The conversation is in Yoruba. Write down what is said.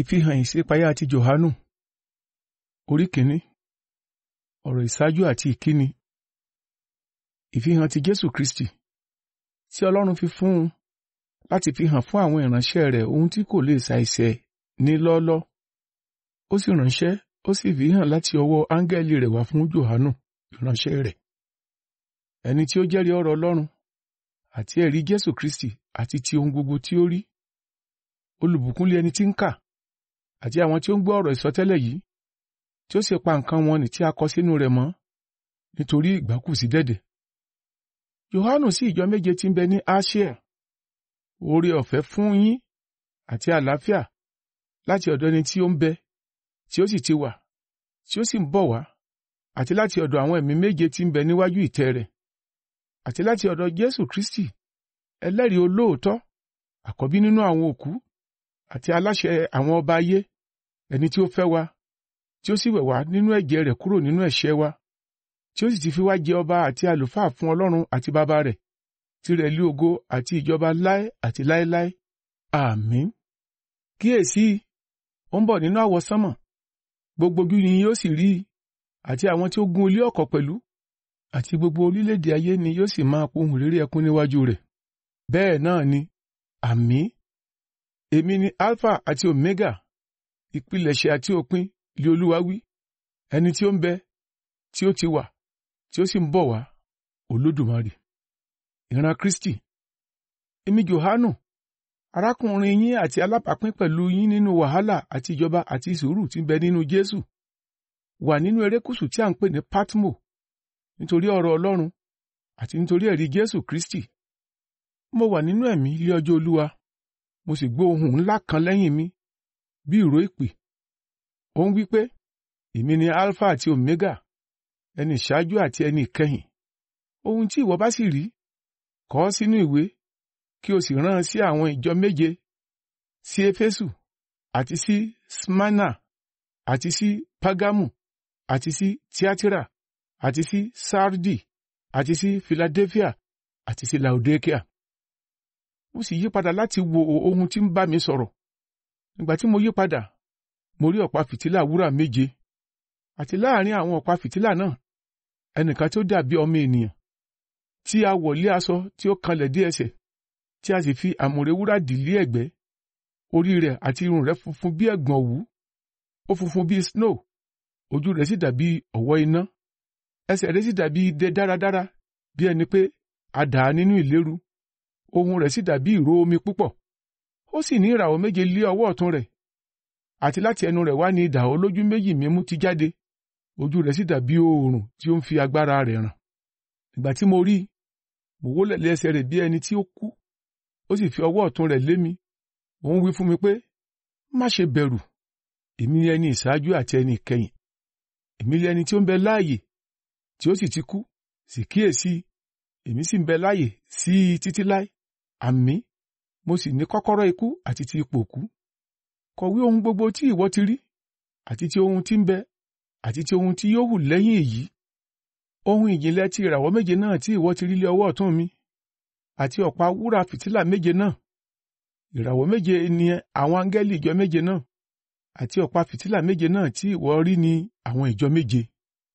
Ìfihàn ìṣípayá ti Jòhánù Orí kìíní Ọ̀rọ̀ ìṣáájú àti ìkíni Ìfihàn ti Jésù Kristì tí Ọlọ́run fi fún un láti fi hàn fún àwọn ìránṣẹ́ rẹ̀ ohun tí kò lè ṣàìṣẹ ní lọ́ọ́lọ́. Ó sì ránṣẹ́, ó sì fi hàn láti ọwọ́ áńgẹ́lì rẹ̀ wá fún Jòhánù ìránṣẹ́ rẹ̀. Ẹni tí ó jẹ́rìí ọ̀rọ̀ Ọlọ́run àti ẹ̀rí Jésù Kristì àti ti ohun gbogbo tí ó rí. Olùbùkún lé ẹni tí ń kà àti àwọn tí ó ń gbọ́ ọ̀rọ̀ ìsọtẹ́lẹ̀ yìí tí ó sì pa nǹkan wọn nì tí a kọ sínú rẹ̀ mọ́ nítorí ìgbà kù sí dẹ̀dẹ̀. Jòhánù sí ìjọ méje tí ń bẹ ní Asia oore ọ̀fẹ́ fún yín àti àlàáfíà láti ọ̀dọ̀ ẹni tí ó ń bẹ tí ó sì ti wà tí ó sì ń bọ̀ wá àti láti ọ̀dọ̀ àwọn ẹ̀mí méje tí ń bẹ níwájú ìtẹ́ rẹ̀ àti láti ọ̀dọ̀ Jésù Kristi ẹlẹ́rìí olóòótọ́ àkọ́bí nínú àwọn òkú àti aláṣẹ àwọn ọba ayé ẹni tí ó fẹ́ wa tí ó sì wẹ̀ wá nínú ẹ̀jẹ̀ rẹ̀ kúrò nínú ẹ̀ṣẹ̀ wa tí ó sì ti fi wá jẹ ọba àti àlùfáà fún ọlọ́run àti bàbá rẹ̀ tirẹ̀ lé ògo àti ìjọba láé àti láéláé àmín kíyèsí ó ń bọ̀ nínú àwọsánmọ̀ gbogbo ni yóò sì rí i àti àwọn tí ó gun ilé ọ̀kọ̀ pẹ̀lú àti gbogbo orílẹ̀-èdè ayé ni yóò sì máa pohùn réré ẹkún níwájú rẹ̀ bẹ́ẹ̀ náà ni àmín èmi ni alpha àti omega ìpilẹ̀ṣẹ̀ àti òpin li Olúwa wí, ẹni tí ó ń bẹ, tí ó ti wà, tí ó sì ń bọ̀ wá, Olódùmarè. Ìran Kristi. Èmi Jòhánù, arákùnrin yín àti alábàápín pẹ̀lú yín nínú wàhálà àti ìjọba àti sùúrù tí ń bẹ nínú Jésù. Wà nínú erékùsù tí a ń pè ní Patmo, nítorí ọ̀rọ̀ Ọlọ́run àti nítorí ẹ̀rí Jésù Kristi. Mo wà nínú ẹ̀mí ilé ọjọ́ Olúwa, mo sì gbọ́ ohùn ńlá kan lẹ́yìn mi bí ìró ìpè. Ó ń wí pé, ni Alpha àti Omega, ẹni ìṣáájú àti ẹni ìkẹyìn. Ohun tí ìwọ bá sì rí, kọ ọ́ sínú ìwé, kí o sì rán an sí àwọn ìjọ méje, sí Éfésù, àti sí Smyrna, àti sí Págámù, àti sí Tíátírà, àti sí Sardi, àti sí Philadelphia, àti sí Laodicea. Mo sì yípadà láti wo ohun tí ń bá mi sọ̀rọ̀ Ìgbà tí mo yí padà, mo rí ọ̀pá fìtílà wúrà méje, àti láàrin àwọn ọ̀pá fìtílà náà, ẹnìkan tí ó dàbí ọmọ ènìyàn, tí a wọ̀ lé aṣọ tí ó kanlẹ̀ dé ẹsẹ̀, tí a sì fi àmùrè wúrà dì lé ẹ̀gbẹ́, orí rẹ̀ àti irun rẹ̀ funfun bí ẹ̀gbọ̀n òwú, ó funfun bí snow, ojú rẹ̀ sì dàbí ọ̀wọ́ iná, ẹsẹ̀ rẹ̀ sì dàbí idẹ dáradára bí ẹni pé a dà á nínú ìléru, ohùn rẹ̀ sì dàbí ìró omi púpọ̀ ó sì ní ìràwọ̀ méje lé ọwọ́ ọ̀tún rẹ̀ àti láti ẹnu rẹ̀ wá ní idà olójú méjì mímú ti jáde ojú rẹ̀ sì dàbí oòrùn tí ó ń fi agbára rẹ̀ ràn ìgbà tí mo rí mo wólẹ̀ lẹ́sẹ̀ rẹ̀ bí ẹni tí ó kú ó sì fi ọwọ́ ọ̀tún rẹ̀ lé mi ó ń wí fún mi pé má ṣe bẹ̀rù èmi ni ẹni ìṣáájú àti ẹni ìkẹyìn èmi ni ẹni tí ó ń bẹ láàyè tí ó sì ti kú sì kíyèsí èmi sì ń bẹ láàyè sí títí láì àmín mo sì ní kọ́kọ́rọ́ ikú àti ti ipò òkú. Kọ̀wé ohun gbogbo tí ìwọ ti rí, àti ti ohun tí ń bẹ, àti ti ohun tí yóò hù lẹ́yìn èyí. Ohun ìjìnlẹ̀ ti ìràwọ̀ méje náà tí ìwọ ti rí lé ọwọ́ ọ̀tún mi, àti ọ̀pá wúrà fìtílà méje náà. Ìràwọ̀ méje ni àwọn áńgẹ́lì ìjọ méje náà, àti ọ̀pá fìtílà méje náà tí ìwọ rí ni àwọn ìjọ méje.